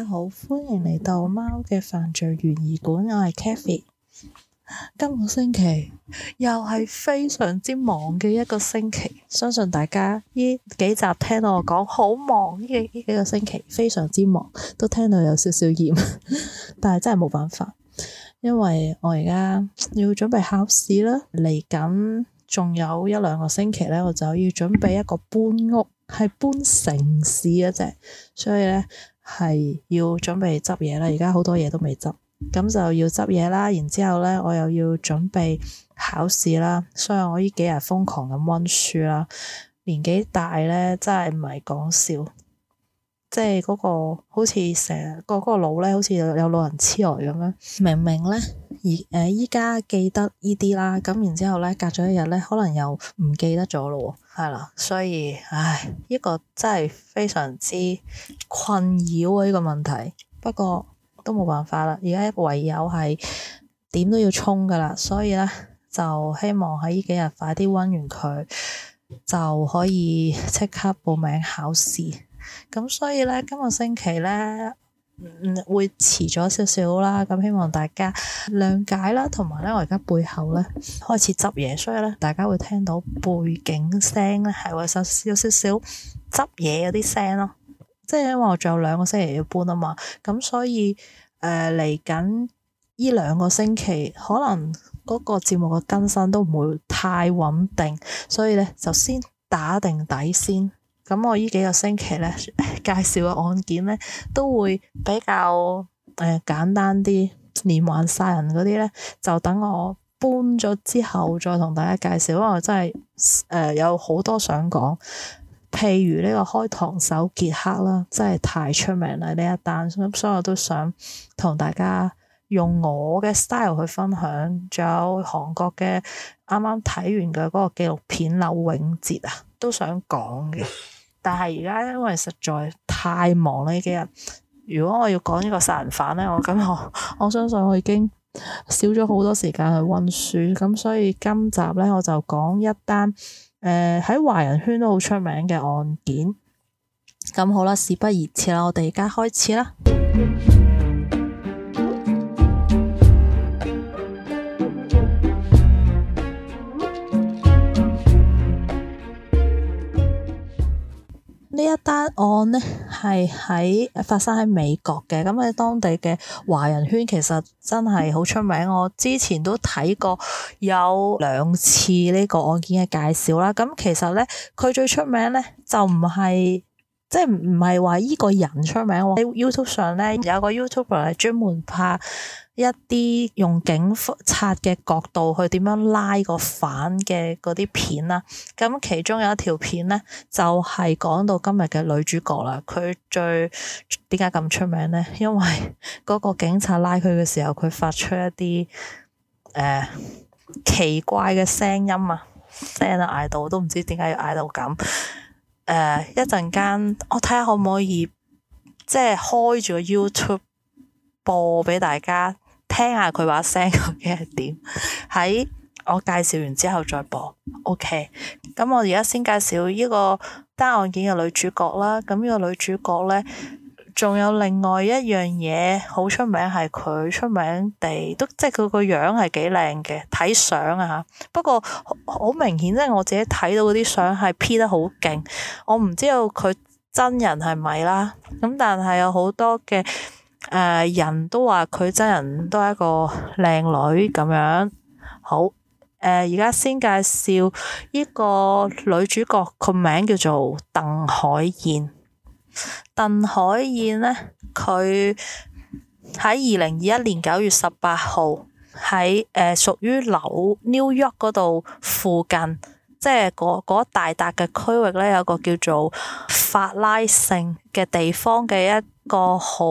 大家好，歡迎嚟到貓嘅犯罪懸疑館，我係 Kathy。今個星期又係非常之忙嘅一個星期，相信大家呢幾集聽到我講好忙，呢幾個星期非常之忙，都聽到有少少厭， 但係真係冇辦法，因為我而家要準備考試啦，嚟緊仲有一兩個星期呢，我就要準備一個搬屋，係搬城市一隻，所以呢。係要準備執嘢啦，而家好多嘢都未執，咁就要執嘢啦。然之後呢，我又要準備考試啦，所以我呢幾日瘋狂咁溫書啦。年紀大呢，真係唔係講笑。即係嗰個，好似成個嗰個腦咧，好似有老人痴呆咁樣。明明咧，而誒，依家記得依啲啦，咁然之後咧，隔咗一日咧，可能又唔記得咗咯。係啦，所以，唉，呢個真係非常之困擾啊！呢個問題，不過都冇辦法啦。而家唯有係點都要衝噶啦，所以咧就希望喺呢幾日快啲溫完佢，就可以即刻報名考試。咁所以咧，今個星期咧，嗯會遲咗少少啦。咁、嗯、希望大家諒解啦，同埋咧，我而家背後咧開始執嘢，所以咧大家會聽到背景聲咧係會有少少少執嘢嗰啲聲咯。即係因為我仲有兩個星期要搬啊嘛，咁、嗯、所以誒嚟緊呢兩個星期可能嗰個節目嘅更新都唔會太穩定，所以咧就先打定底先。咁我呢幾個星期咧介紹嘅案件咧，都會比較誒、呃、簡單啲。連環殺人嗰啲咧，就等我搬咗之後再同大家介紹，因為我真係誒、呃、有好多想講。譬如呢個開膛手傑克啦，真係太出名啦呢一單，咁所以我都想同大家用我嘅 style 去分享。仲有韓國嘅啱啱睇完嘅嗰個紀錄片《柳永哲》啊，都想講嘅。但係而家因為實在太忙咧呢幾日，如果我要講呢個殺人犯呢，我咁我我相信我已經少咗好多時間去温書，咁所以今集呢，我就講一單誒喺華人圈都好出名嘅案件。咁 好啦，事不宜遲啦，我哋而家開始啦。 案呢係喺發生喺美國嘅，咁喺當地嘅華人圈其實真係好出名。我之前都睇過有兩次呢個案件嘅介紹啦。咁其實呢，佢最出名呢就唔係。即係唔係話依個人出名，喺 YouTube 上咧有個 YouTuber 係專門拍一啲用警察嘅角度去點樣拉個犯嘅嗰啲片啦。咁其中有一條片咧就係、是、講到今日嘅女主角啦。佢最點解咁出名咧？因為嗰個警察拉佢嘅時候，佢發出一啲誒、呃、奇怪嘅聲音聲啊，聲都嗌到都唔知點解要嗌到咁。誒、uh, 一陣間，我睇下可唔可以即係開住個 YouTube 播俾大家聽下佢把聲究竟係點。喺我介紹完之後再播。OK，咁我而家先介紹呢個單案件嘅女主角啦。咁呢個女主角呢？仲有另外一樣嘢好出名，係佢出名地都，即係佢個樣係幾靚嘅，睇相啊嚇。不過好明顯，即係我自己睇到嗰啲相係 P 得好勁，我唔知道佢真人係咪啦。咁但係有好多嘅誒人都話佢真人都係一個靚女咁樣。好誒，而家先介紹呢個女主角，個名叫做鄧海燕。鄧海燕呢，佢喺二零二一年九月十八號喺誒屬於紐紐約嗰度附近，即係嗰嗰大笪嘅區域呢，有個叫做法拉盛嘅地方嘅一個好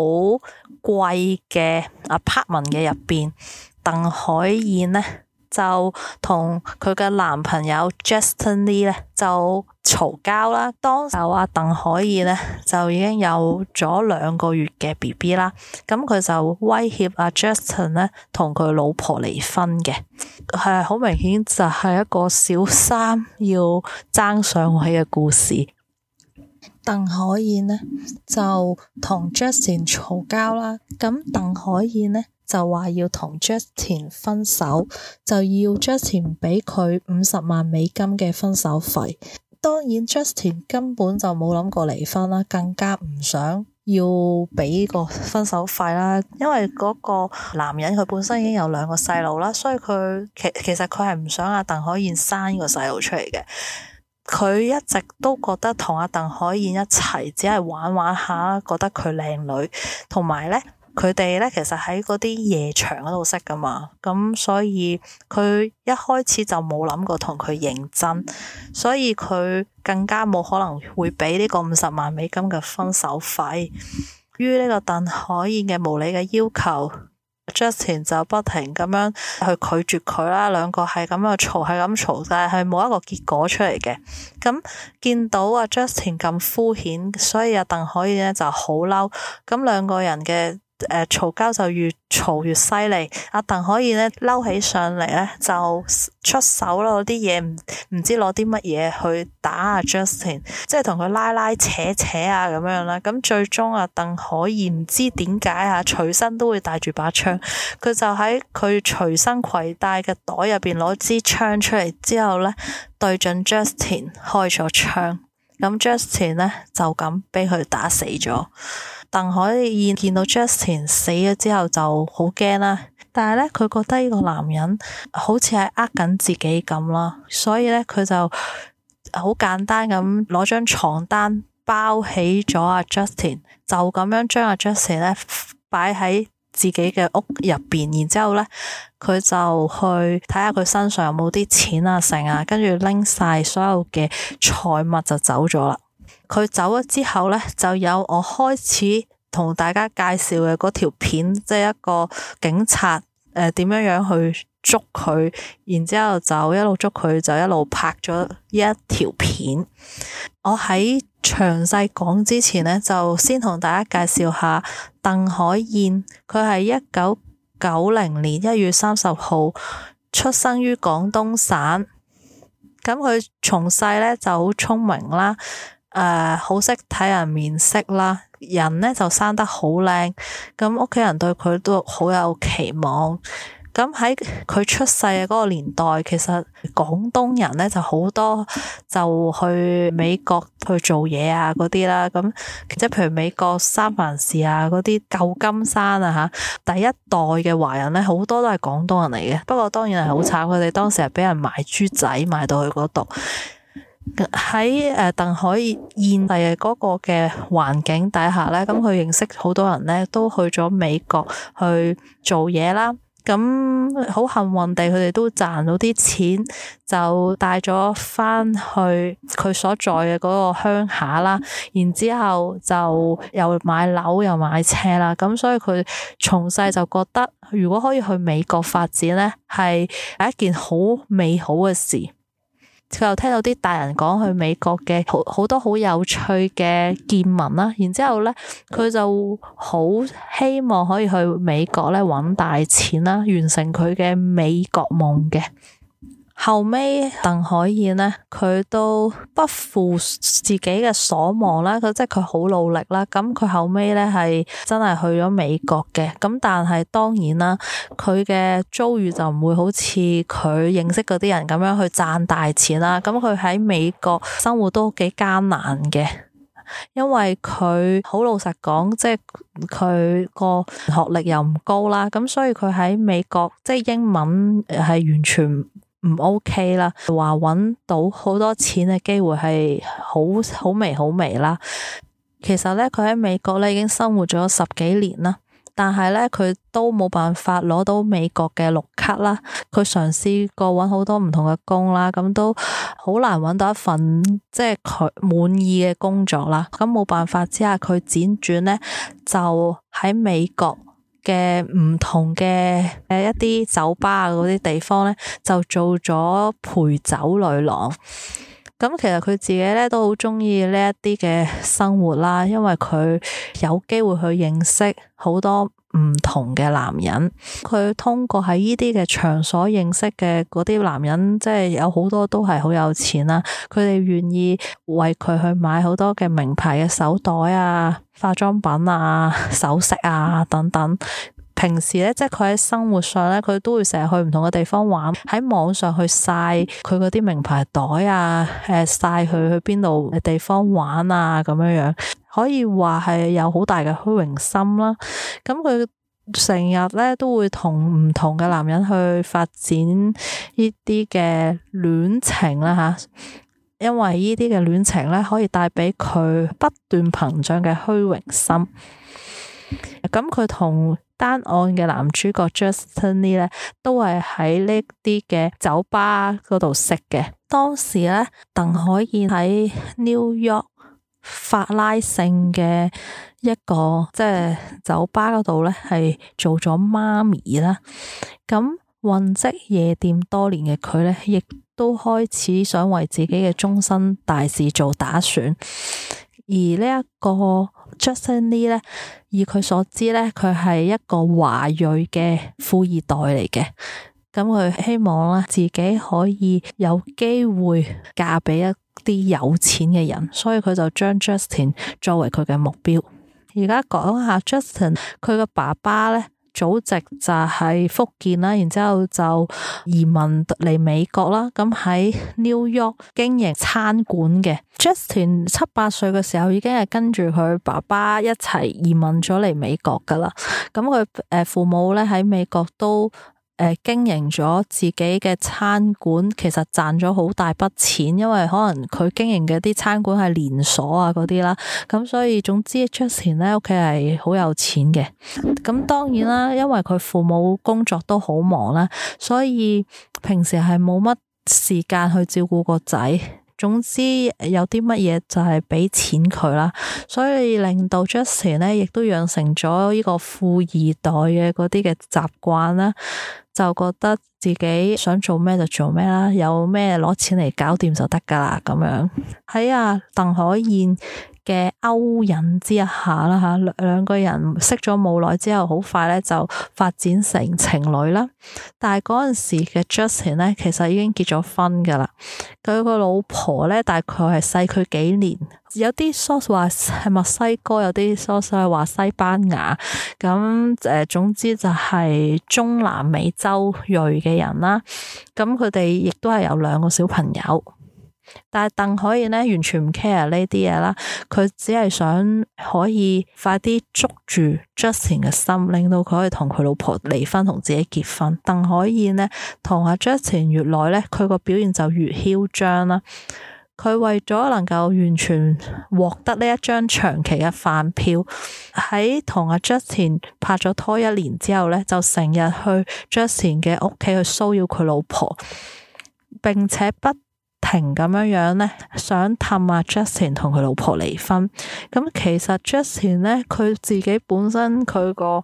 貴嘅 apartment 嘅入邊，鄧海燕呢。就同佢嘅男朋友 Justin Lee 呢，就嘈交啦。當時阿鄧海燕呢，就已經有咗兩個月嘅 B B 啦，咁佢就威脅阿 Justin 呢，同佢老婆離婚嘅，係好明顯就係一個小三要爭上位嘅故事。鄧海燕呢，就同 Justin 嘈交啦，咁鄧海燕呢，就話要同 Justin 分手，就要 Justin 俾佢五十萬美金嘅分手費。當然 Justin 根本就冇諗過離婚啦，更加唔想要俾個分手費啦。 因為嗰個男人佢本身已經有兩個細路啦，所以佢其其實佢係唔想阿鄧海燕生個細路出嚟嘅。佢一直都覺得同阿鄧海燕一齊只係玩玩下，覺得佢靚女，同埋呢。佢哋咧，其實喺嗰啲夜場嗰度識噶嘛，咁所以佢一開始就冇諗過同佢認真，所以佢更加冇可能會俾呢個五十萬美金嘅分手費。於呢個鄧海燕嘅無理嘅要求，Justin 就不停咁樣去拒絕佢啦，兩個係咁樣嘈，係咁嘈，但係冇一個結果出嚟嘅。咁見到阿 Justin 咁敷衍，所以阿鄧海燕咧就好嬲。咁兩個人嘅。嘈交、呃、就越嘈越犀利。阿鄧可以咧嬲起上嚟呢就出手咯。啲嘢唔唔知攞啲乜嘢去打阿、啊、Justin，即係同佢拉拉扯扯啊咁樣啦。咁、啊、最終阿鄧可以唔知點解啊，隨身都會帶住把槍。佢就喺佢隨身攜帶嘅袋入邊攞支槍出嚟之後呢，對準 Justin 開咗槍。咁 Justin 呢，就咁俾佢打死咗。鄧海燕見到 Justin 死咗之後就好驚啦，但係咧佢覺得呢個男人好似係呃緊自己咁啦，所以咧佢就好簡單咁攞張床單包起咗阿 Justin，就咁樣將阿 Justin 咧擺喺自己嘅屋入邊，然之後咧佢就去睇下佢身上有冇啲錢啊剩啊，跟住拎晒所有嘅財物就走咗啦。佢走咗之後呢，就有我開始同大家介紹嘅嗰條片，即係一個警察誒點樣樣去捉佢，然之後就一路捉佢，就一路拍咗一條片。我喺詳細講之前呢，就先同大家介紹下鄧海燕，佢係一九九零年一月三十號出生於廣東省。咁佢從細呢就好聰明啦。誒，好識睇人面色啦，人呢就生得好靚，咁屋企人對佢都好有期望。咁喺佢出世嘅嗰個年代，其實廣東人呢就好多就去美國去做嘢啊嗰啲啦。咁即係譬如美國三藩市啊嗰啲舊金山啊吓，第一代嘅華人呢好多都係廣東人嚟嘅。不過當然係好慘，佢哋當時係俾人賣豬仔賣到去嗰度。喺誒鄧海燕嘅嗰個嘅環境底下咧，咁佢認識好多人咧，都去咗美國去做嘢啦。咁好幸運地，佢哋都賺到啲錢，就帶咗返去佢所在嘅嗰個鄉下啦。然之後就又買樓又買車啦。咁所以佢從細就覺得，如果可以去美國發展咧，係係一件好美好嘅事。佢又聽到啲大人講去美國嘅好好多好有趣嘅見聞啦，然之後咧，佢就好希望可以去美國咧，搵大錢啦，完成佢嘅美國夢嘅。後尾鄧海燕呢，佢都不負自己嘅所望啦，佢即係佢好努力啦。咁佢後尾呢，係真係去咗美國嘅。咁但係當然啦，佢嘅遭遇就唔會好似佢認識嗰啲人咁樣去賺大錢啦。咁佢喺美國生活都幾艱難嘅，因為佢好老實講，即係佢個學歷又唔高啦。咁所以佢喺美國即係英文係完全。唔 OK 啦，話揾到好多錢嘅機會係好好微好微啦。其實呢，佢喺美國呢已經生活咗十幾年啦，但係呢，佢都冇辦法攞到美國嘅綠卡啦。佢嘗試過揾好多唔同嘅工啦，咁都好難揾到一份即係佢滿意嘅工作啦。咁冇辦法之下，佢輾轉呢就喺美國。嘅唔同嘅，誒，一啲酒吧啊嗰啲地方咧，就做咗陪酒女郎。咁其實佢自己咧，都好中意呢一啲嘅生活啦，因為佢有機會去認識好多。唔同嘅男人，佢通過喺呢啲嘅場所認識嘅嗰啲男人，即係有好多都係好有錢啦。佢哋願意為佢去買好多嘅名牌嘅手袋啊、化妝品啊、首飾啊等等。平時咧，即係佢喺生活上咧，佢都會成日去唔同嘅地方玩，喺網上去晒佢嗰啲名牌袋啊，誒，晒佢去邊度嘅地方玩啊，咁樣樣。可以話係有好大嘅虛榮心啦，咁佢成日咧都會同唔同嘅男人去發展呢啲嘅戀情啦吓，因為呢啲嘅戀情咧可以帶俾佢不斷膨脹嘅虛榮心。咁佢同單案嘅男主角 Justin Lee 咧都係喺呢啲嘅酒吧嗰度識嘅。當時咧鄧海燕喺 New York。法拉盛嘅一個即係酒吧嗰度呢，係做咗媽咪啦。咁混跡夜店多年嘅佢呢，亦都開始想為自己嘅終身大事做打算。而呢一個 Justin Lee 呢，以佢所知呢，佢係一個華裔嘅富二代嚟嘅。咁佢希望啦，自己可以有機會嫁俾一啲有錢嘅人，所以佢就將 Justin 作為佢嘅目標。而家講下 Justin，佢嘅爸爸咧，祖籍就係福建啦，然之後就移民嚟美國啦。咁喺 New York 經營餐館嘅 Justin 七八歲嘅時候，已經係跟住佢爸爸一齊移民咗嚟美國噶啦。咁佢誒，父母咧喺美國都。誒，經營咗自己嘅餐館，其實賺咗好大筆錢，因為可能佢經營嘅啲餐館係連鎖啊嗰啲啦，咁所以總之，Jasen 咧屋企係好有錢嘅。咁當然啦，因為佢父母工作都好忙啦，所以平時係冇乜時間去照顧個仔。總之有啲乜嘢就係俾錢佢啦，所以令到 Jasen 咧亦都養成咗呢個富二代嘅嗰啲嘅習慣啦。就覺得自己想做咩就做咩啦，有咩攞錢嚟搞掂就得噶啦，咁樣係啊，鄧海燕嘅勾引之下啦，吓兩兩個人識咗冇耐之後，好快咧就發展成情侶啦。但係嗰陣時嘅 Justin 咧，其實已經結咗婚噶啦。佢個老婆咧，大概係細佢幾年。有啲 source 話係墨西哥，有啲 source 話西班牙。咁誒，總之就係中南美洲裔嘅人啦。咁佢哋亦都係有兩個小朋友。但係鄧海燕呢，完全唔 care 呢啲嘢啦，佢只係想可以快啲捉住 Justin 嘅心，令到佢可以同佢老婆離婚，同自己結婚。鄧海燕呢同阿 Justin 越耐呢，佢個表現就越囂張啦。佢為咗能夠完全獲得呢一張長期嘅飯票，喺同阿 Justin 拍咗拖一年之後呢，就成日去 Justin 嘅屋企去騷擾佢老婆，並且不。平咁樣樣咧，想氹阿 Justin 同佢老婆離婚。咁其實 Justin 咧，佢自己本身佢個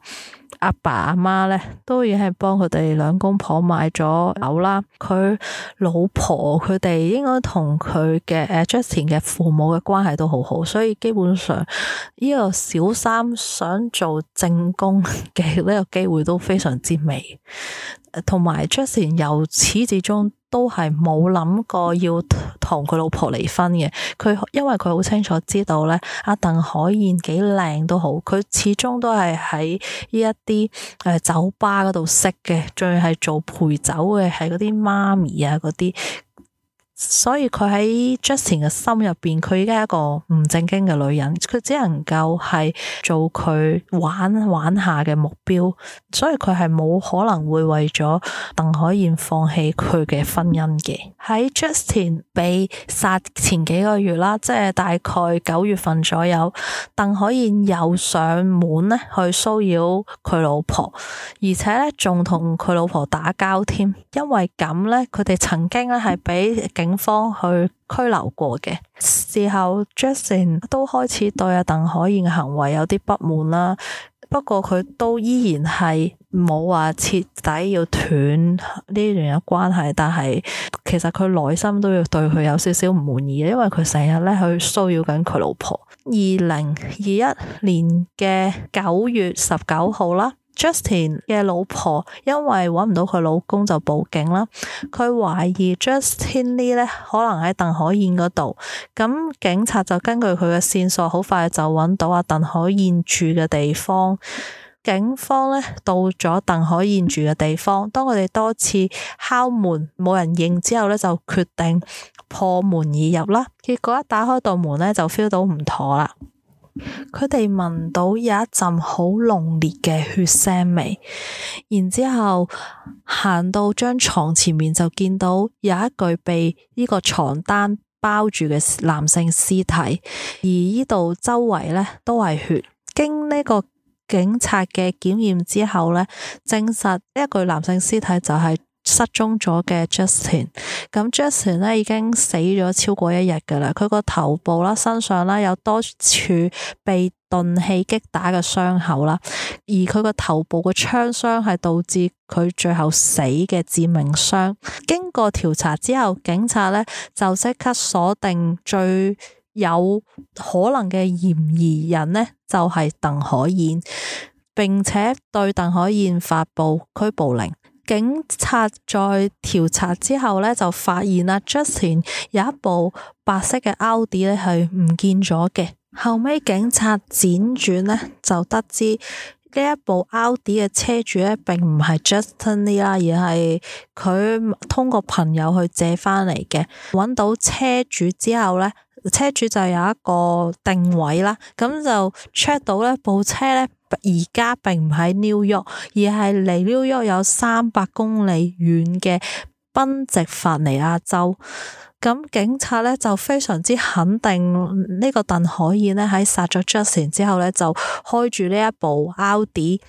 阿爸阿媽咧，都已經係幫佢哋兩公婆買咗樓啦。佢老婆佢哋應該同佢嘅，誒 Justin 嘅父母嘅關係都好好，所以基本上呢個小三想做正宮嘅呢個機會都非常之微。同埋 Justin 由始至終。都係冇諗過要同佢老婆離婚嘅，佢因為佢好清楚知道咧，阿、啊、鄧海燕幾靚都好，佢始終都係喺呢一啲誒、呃、酒吧嗰度識嘅，仲要係做陪酒嘅，係嗰啲媽咪啊嗰啲。所以佢喺 Justin 嘅心入邊，佢而家係一個唔正經嘅女人，佢只能夠係做佢玩玩下嘅目標，所以佢係冇可能會為咗鄧海燕放棄佢嘅婚姻嘅。喺 Justin 被殺前幾個月啦，即係大概九月份左右，鄧海燕又上門咧去騷擾佢老婆，而且咧仲同佢老婆打交添，因為咁咧佢哋曾經咧係俾。警方去拘留過嘅事後 Jason 都開始對阿鄧海燕嘅行為有啲不滿啦。不過佢都依然係冇話徹底要斷呢段嘅關係，但係其實佢內心都要對佢有少少唔滿意，因為佢成日咧去騷擾緊佢老婆。二零二一年嘅九月十九號啦。Justin 嘅老婆因為揾唔到佢老公就報警啦，佢懷疑 Justin Lee 呢可能喺鄧海燕嗰度，咁警察就根據佢嘅線索好快就揾到阿鄧海燕住嘅地方，警方咧到咗鄧海燕住嘅地方，當佢哋多次敲門冇人應之後呢就決定破門而入啦，結果一打開道門呢，就 feel 到唔妥啦。佢哋聞到有一陣好濃烈嘅血腥味，然之後行到張床前面就見到有一具被呢個床單包住嘅男性屍體，而呢度周圍呢都係血。經呢個警察嘅檢驗之後呢，證實呢一具男性屍體就係、是。失蹤咗嘅 Justin，咁 Justin 咧已經死咗超過一日噶啦，佢個頭部啦、身上啦有多處被鈍器擊打嘅傷口啦，而佢個頭部嘅槍傷係導致佢最後死嘅致命傷。經過調查之後，警察，呢就即刻鎖定最有可能嘅嫌疑人呢，就係鄧海燕，並且對鄧海燕發布拘捕令。警察在調查之後呢，就發現啦，Justin 有一部白色嘅 u 奧迪咧係唔見咗嘅。後尾警察輾轉呢，就得知呢一部奧迪嘅車主呢，並唔係 Justin Lee 啦，而係佢通過朋友去借翻嚟嘅。搵到車主之後呢，車主就有一個定位啦，咁就 check 到呢部車呢。而家並唔喺紐約，而係離紐約有三百公里遠嘅賓夕法尼亞州。咁警察呢就非常之肯定呢個鄧海燕呢喺殺咗 Justin 之後呢，就開住呢一部 u 奧迪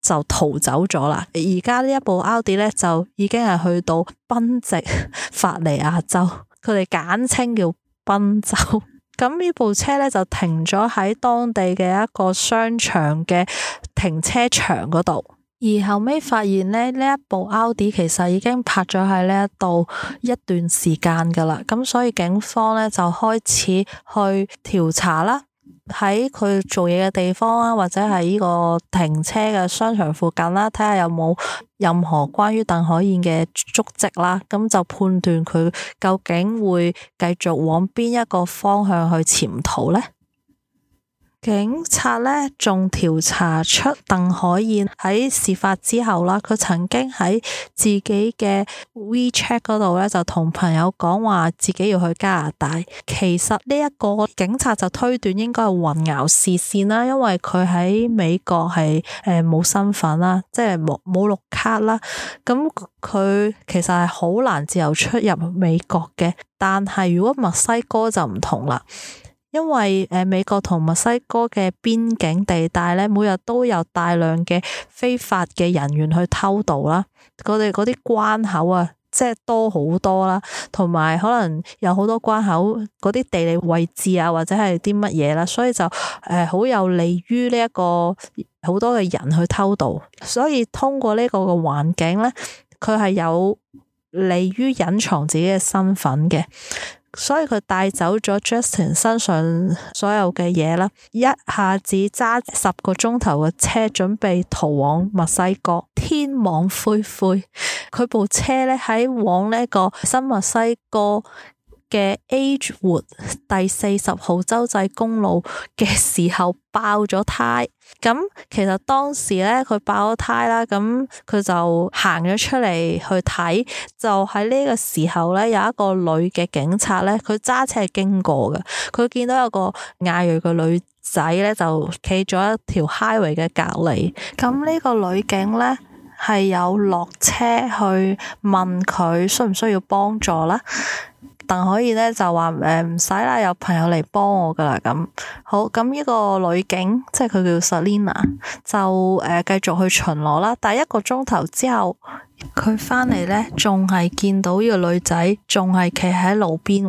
就逃走咗啦。而家呢一部奧迪呢，就已經係去到賓夕法尼亞州，佢哋簡稱叫賓州。咁呢部車咧就停咗喺當地嘅一個商場嘅停車場嗰度，而後尾發現呢，呢一部奧迪其實已經泊咗喺呢一度一段時間噶啦，咁所以警方咧就開始去調查啦。喺佢做嘢嘅地方啊，或者係呢個停車嘅商場附近啦，睇下有冇任何關於鄧海燕嘅足跡啦，咁就判斷佢究竟會繼續往邊一個方向去潛逃咧？警察呢仲調查出鄧海燕喺事發之後啦，佢曾經喺自己嘅 WeChat 嗰度呢，就同朋友講話自己要去加拿大。其實呢一個警察就推斷應該係混淆視線啦，因為佢喺美國係誒冇身份啦，即係冇冇綠卡啦。咁佢其實係好難自由出入美國嘅。但係如果墨西哥就唔同啦。因為誒，美國同墨西哥嘅邊境地帶咧，每日都有大量嘅非法嘅人員去偷渡啦。我哋嗰啲關口啊，即係多好多啦，同埋可能有好多關口嗰啲地理位置啊，或者係啲乜嘢啦，所以就誒好有利於呢一個好多嘅人去偷渡。所以通過呢個嘅環境咧，佢係有利於隱藏自己嘅身份嘅。所以佢帶走咗 Justin 身上所有嘅嘢啦，一下子揸十個鐘頭嘅車，準備逃往墨西哥。天網恢恢，佢部車咧喺往呢個新墨西哥。嘅 age 活第四十號州際公路嘅時候爆咗胎，咁其實當時咧佢爆咗胎啦，咁佢就行咗出嚟去睇，就喺呢個時候咧有一個女嘅警察咧，佢揸車係經過嘅，佢見到有個亞裔嘅女仔咧就企咗一條 highway 嘅隔離，咁呢個女警咧係有落車去問佢需唔需要幫助啦。鄧可以咧就話誒唔使啦，有朋友嚟幫我噶啦咁好。咁呢個女警即係佢叫 Selena，就誒呃、繼續去巡邏啦。但一個鐘頭之後，佢翻嚟咧仲係見到呢個女仔仲係企喺路邊，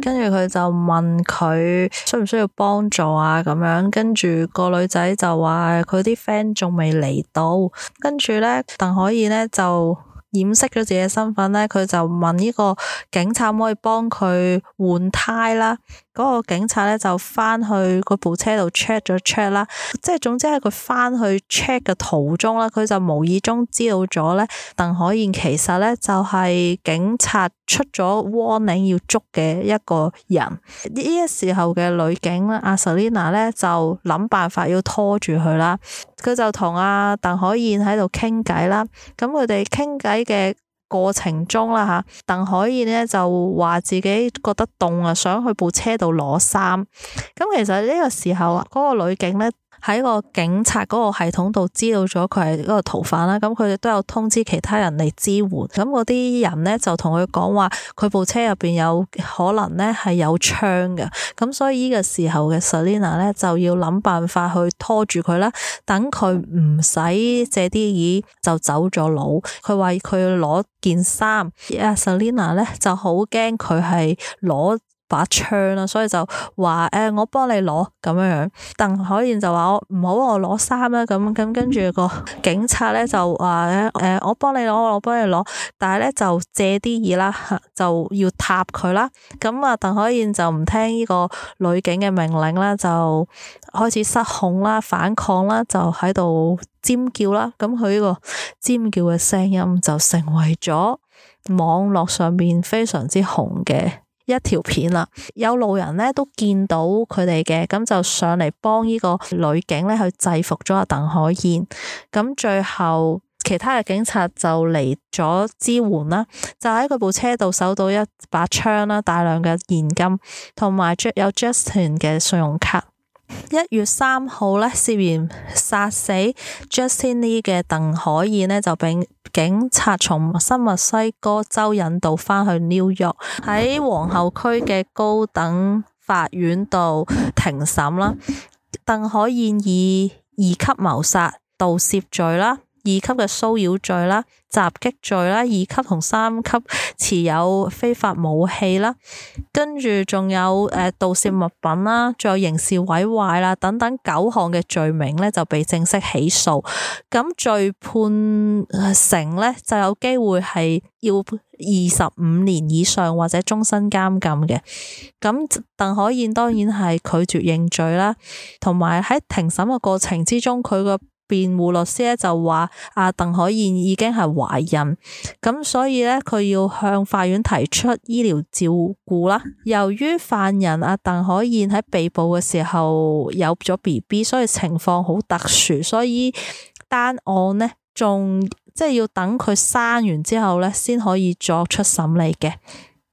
跟住佢就問佢需唔需要幫助啊？咁樣跟住個女仔就話佢啲 friend 仲未嚟到，跟住咧鄧可以咧就。掩飾咗自己身份呢，佢就問呢個警察可唔可以幫佢換胎啦。嗰個警察咧，就翻去嗰部車度 check 咗 check 啦，即係總之係佢翻去 check 嘅途中啦，佢就無意中知道咗咧，鄧海燕其實咧就係、是、警察出咗 warning 要捉嘅一個人。呢一時候嘅女警啦，阿、啊、Selina 咧就諗辦法要拖住佢啦，佢就同阿鄧海燕喺度傾偈啦，咁佢哋傾偈嘅。過程中啦嚇，鄧海燕呢就話自己覺得凍啊，想去部車度攞衫。咁其實呢個時候啊，嗰、那個女警呢，喺個警察嗰個系統度知道咗佢係嗰個逃犯啦，咁佢哋都有通知其他人嚟支援，咁嗰啲人咧就同佢講話，佢部車入邊有可能咧係有槍嘅，咁所以呢個時候嘅 Selina 咧就要諗辦法去拖住佢啦，等佢唔使借啲椅就走咗佬。佢話佢要攞件衫，阿 Selina 咧就好驚佢係攞把槍啦，所以就話誒、欸，我幫你攞咁樣樣。鄧海燕就話我唔好我攞衫啦，咁咁跟住個警察咧就話咧誒，我幫你攞，我幫你攞，但係咧就借啲意啦，就要撻佢啦。咁啊，鄧海燕就唔聽呢個女警嘅命令啦，就開始失控啦，反抗啦，就喺度尖叫啦。咁佢呢個尖叫嘅聲音就成為咗網絡上面非常之紅嘅。一條片啦，有路人咧都見到佢哋嘅，咁就上嚟幫呢個女警咧去制服咗阿鄧海燕，咁最後其他嘅警察就嚟咗支援啦，就喺佢部車度搜到一把槍啦，大量嘅現金同埋有 Justin 嘅信用卡。一月三號咧，涉嫌殺死 Justin Lee 嘅鄧海燕咧，就被警察從新墨西哥州引渡返去紐約，喺皇后區嘅高等法院度庭審啦。鄧 海燕以二級謀殺盜竊罪啦。二級嘅騷擾罪啦、襲擊罪啦、二級同三級持有非法武器啦，跟住仲有誒盜竊物品啦，仲有刑事毀壞啦，等等九項嘅罪名呢，就被正式起訴，咁罪判成呢，就有機會係要二十五年以上或者終身監禁嘅。咁鄧海燕當然係拒絕認罪啦，同埋喺庭審嘅過程之中佢個。辯護律師咧就話阿鄧海燕已經係懷孕，咁所以咧佢要向法院提出醫療照顧啦。由於犯人阿鄧海燕喺被捕嘅時候有咗 BB，所以情況好特殊，所以單案呢仲，即係要等佢生完之後呢先可以作出審理嘅。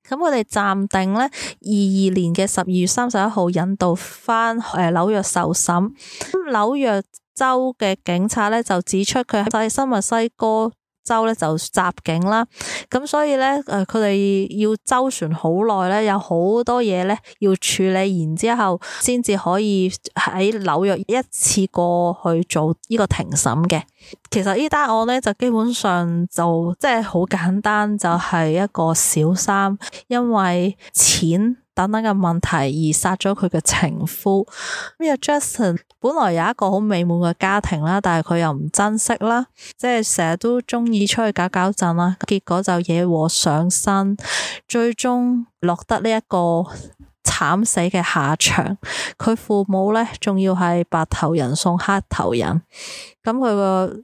咁我哋暫定呢，二二年嘅十二月三十一號引渡翻，誒紐約受審，咁紐約。州嘅警察咧，就指出佢喺喺新墨西哥州咧，就襲警啦，咁所以咧，誒佢哋要周旋好耐咧，有好多嘢咧，要處理，然之後先至可以喺紐約一次過去做呢個庭審嘅。其實呢單案咧，就基本上就即係好簡單，就係一個小三，因為錢。等等嘅問題而殺咗佢嘅情夫。咁阿 Justin 本來有一個好美滿嘅家庭啦，但係佢又唔珍惜啦，即係成日都鍾意出去搞搞震啦，結果就惹禍上身，最終落得呢一個慘死嘅下場。佢父母呢仲要係白頭人送黑頭人，咁佢個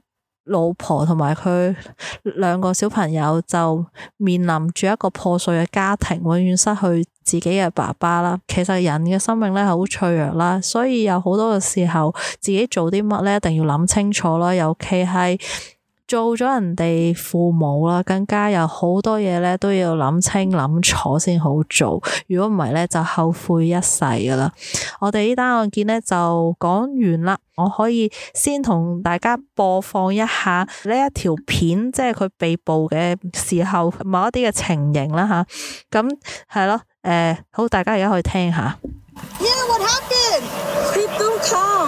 老婆同埋佢兩個小朋友就面臨住一個破碎嘅家庭，永遠失去自己嘅爸爸啦。其實人嘅生命咧係好脆弱啦，所以有好多嘅時候，自己做啲乜咧一定要諗清楚啦，尤其係。做咗人哋父母啦，更加有好多嘢咧都要諗清諗楚先好做。如果唔係咧，就後悔一世噶啦。我哋呢單案件咧就講完啦。我可以先同大家播放一下呢一條片，即係佢被捕嘅時候某一啲嘅情形啦吓。咁係咯，誒、呃，好，大家而家可以聽下。Yeah,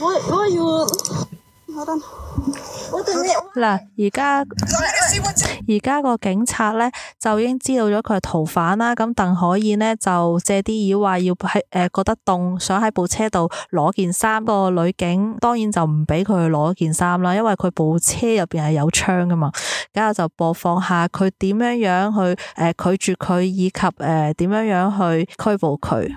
我我要嗱，而家而家個警察咧就已經知道咗佢係逃犯啦。咁鄧可燕呢，就借啲意話要喺誒、呃、覺得凍，想喺部車度攞件衫。個女警當然就唔俾佢攞件衫啦，因為佢部車入邊係有槍噶嘛。咁啊就播放下佢點樣樣去誒、呃、拒絕佢，以及誒點樣樣去拘捕佢。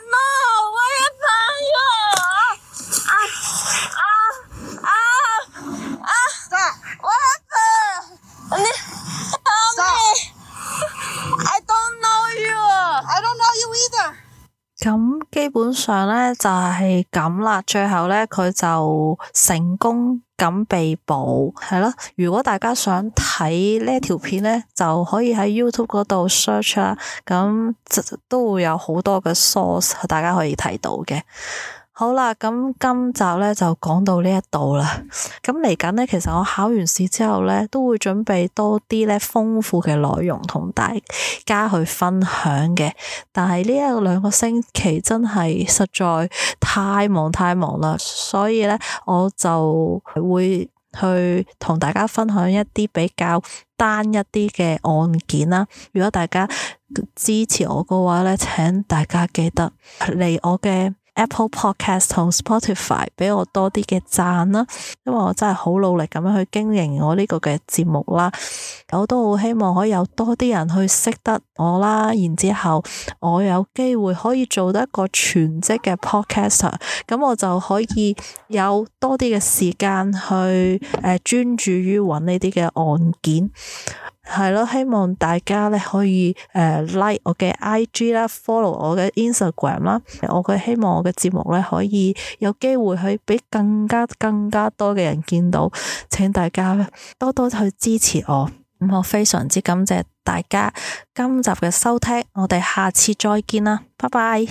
咧就係咁啦，最後咧佢就成功咁被捕，係咯。如果大家想睇呢條片咧，就可以喺 YouTube 嗰度 search 啦，咁都會有好多嘅 source，大家可以睇到嘅。好啦，咁今集呢就講到呢一度啦。咁嚟緊呢，其實我考完試之後呢，都會準備多啲呢豐富嘅內容同大家去分享嘅。但係呢一兩個星期真係實在太忙太忙啦，所以呢，我就會去同大家分享一啲比較單一啲嘅案件啦。如果大家支持我嘅話呢，請大家記得嚟我嘅。Apple Podcast 同 Spotify 俾我多啲嘅讚啦，因為我真係好努力咁樣去經營我呢個嘅節目啦，我都好希望可以有多啲人去識得我啦，然之後我有機會可以做得一個全職嘅 podcaster，咁我就可以有多啲嘅時間去誒專注於揾呢啲嘅案件。係咯，希望大家咧可以誒 like 我嘅 IG 啦，follow 我嘅 Instagram 啦。我嘅希望我嘅節目咧可以有機會去俾更加更加多嘅人見到，請大家多多去支持我。咁我非常之感謝大家今集嘅收聽，我哋下次再見啦，拜拜。